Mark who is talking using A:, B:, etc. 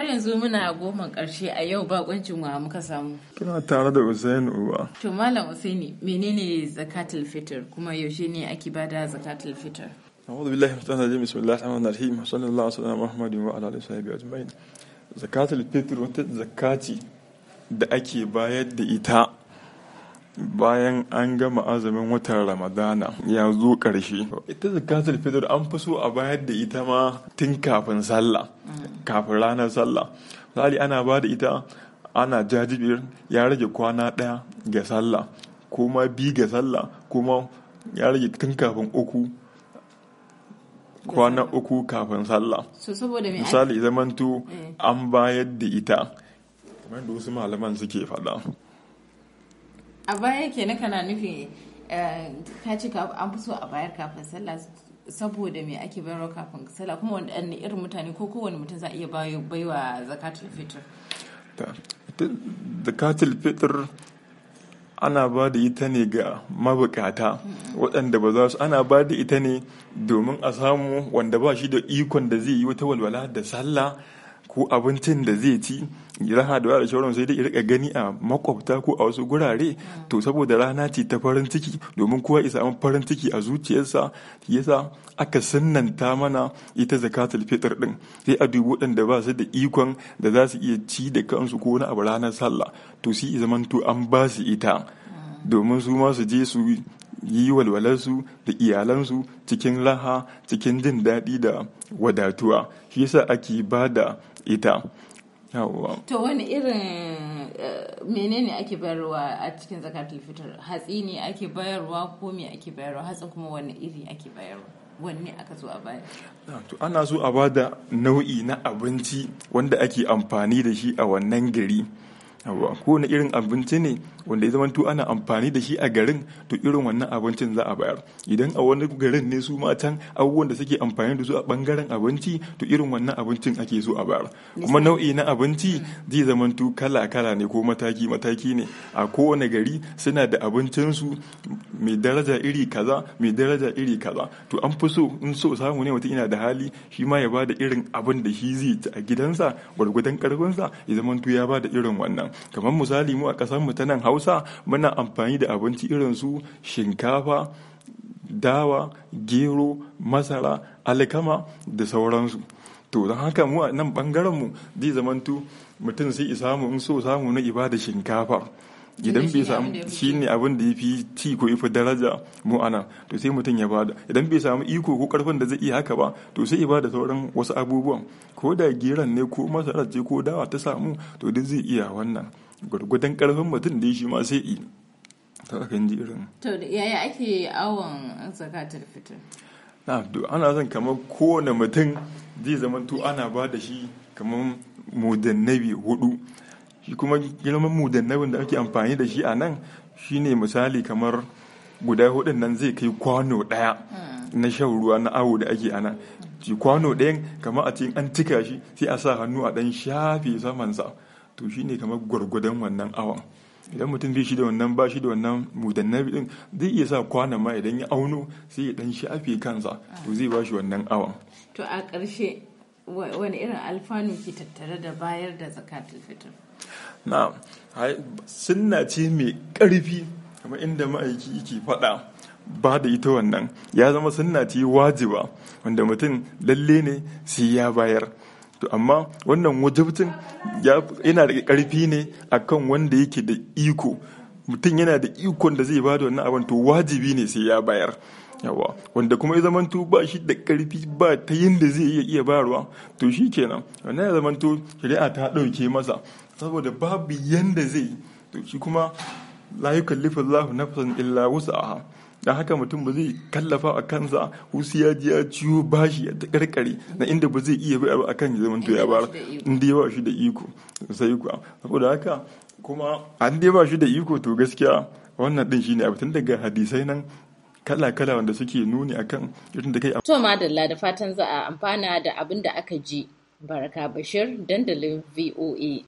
A: har yanzu muna goma karshe a yau bakoncin wa muka samu.
B: Kina tare da Usain Uwa.
A: To Malam Usaini menene zakatul fitr kuma yaushe ne ake bada zakatul fitr?
B: أعوذ بالله من الشيطان الرجيم بسم الله الرحمن الرحيم وصلى الله وسلم محمد وعلى آله وصحبه أجمعين زكاة الفطر wata zakati da ake bayar da ita bayan an gama azumin watan ramadana ya zo ƙarshe ita zakatul fitr an fi so a bayar da ita ma tun kafin sallah kafin ranar sallah misali ana ba da ita ana jajibir ya rage kwana ɗaya ga sallah kuma bi ga sallah kuma ya rage tun kafin uku kwana uku kafin sallah misali zamanto eh. an bayar da ita kamar da wasu malaman suke faɗa
A: a baya ke na kana nufi eh, ka ce an fi so a bayar kafin sallah saboda me ake bayarwa kafin sallah kuma wani irin mutane ko kowane mutum za a iya baiwa zakatul fitr
B: zakatul fitr ana ba da ita ne ga mabukata waɗanda ba za su ana ba da ita ne domin a samu wanda ba shi da ikon da zai yi wata walwala da sallah ko abincin da zai ci idan da da shauran sai dai rika gani a makwabta ko a wasu gurare to saboda rana ce ta farin ciki domin kowa isa samu farin ciki a zuciyarsa yasa aka sannanta mana ita zakatul fitr din sai a dubi waɗanda ba su da ikon da za su iya ci da kansu ko wani abu ranar sallah to sai zamanto an ba su ita domin su ma su je su yi walwalarsu da iyalansu cikin raha cikin jin daɗi da wadatuwa shi yasa ake ba da ita yawwa
A: to wani irin eh, menene ake bayarwa a cikin zakatul fitr hatsi ne ake bayarwa ko me ake bayarwa hatsin kuma wani iri ake bayarwa wanne aka so a bayar
B: to ana so a ba da nau'i na abinci wanda ake amfani da shi a wannan gari kowane irin abinci ne wanda ya zamanto ana amfani da shi a garin to irin wannan abincin za a bayar idan a wani garin ne su matan abubuwan da suke amfani da su a bangaren abinci to irin wannan abincin ake so a bayar kuma nau'i na abinci zai zamanto kala kala ne ko mataki mataki ne a kowane gari suna da abincinsu mai daraja iri kaza mai daraja iri kaza to an fi so in so samu ne mutum yana da hali shi ma ya da irin abin da shi zai ci a gidansa gwargwadon karfinsa ya zamanto ya bada irin wannan kamar misali mu a ƙasar mu ta nan hausa muna amfani da abinci irin su shinkafa dawa gero masara alkama da sauransu to don haka mu a nan ɓangaren mu zai zamanto mutum sai samu in so samu na ibada shinkafa idan bai samu shi ne abin da ya fi ci ko ya fi daraja mu ana to sai mutum ya bada idan bai samu iko ko karfin da zai iya haka ba to sai ya bada sauran wasu abubuwan ko da geran ne ko masara ce ko dawa ta samu to duk zai iya wannan gwargwadon karfin mutum da shi ma sai i ta aka ji irin
A: to yaya ake awon zakatar fitr
B: na to ana zan kamar kowane mutum zai zama to ana ba da shi kamar mudannabi hudu shi kuma girman mudannabin da ake amfani da shi a nan shine misali kamar guda hudun nan zai kai kwano daya hmm. na shan ruwa na awo da ake ana ci kwano ɗayan kamar a cikin an tika shi sai a sa hannu a ɗan shafi samansa to shine kamar gwargwadon wannan awon idan mutum zai shi da wannan ba shi da wannan na din zai iya sa kwana ma idan ya auno sai ya dan shafe kansa to zai ba shi wannan awon
A: to a ƙarshe wani irin alfanu ke tattare da bayar da zakatul fitr
B: na'am sunna ce mai ƙarfi kamar inda ma'aiki yake faɗa ba da ita wannan ya zama sunna ce wajiba wanda mutum lalle ne sai ya bayar to amma wannan wajibcin yana da ƙarfi ne akan wanda yake da iko mutum yana da ikon da zai bada wannan abin to wajibi ne sai ya bayar yawa wanda kuma ya zamanto ba shi da karfi ba ta yadda zai iya iya bayarwa to shi kenan wannan ya zamanto shari'a ta ɗauke masa saboda babu yadda zai to shi kuma la yukallifu Allahu nafsan illa wus'aha dan haka mutum ba zai kallafa a kansa husi ya ji ya ciwo bashi ya karkare na inda ba zai iya bayarwa a akan ya zamanto ya bar inda ya ba shi da iko sai kuwa saboda haka kuma an dai ba shi da iko to gaskiya wannan din shine abu tun daga hadisai nan kala-kala wanda suke nuni akan irin da kai to
A: madalla da fatan za a amfana da abin da aka ji baraka bashir dandalin voa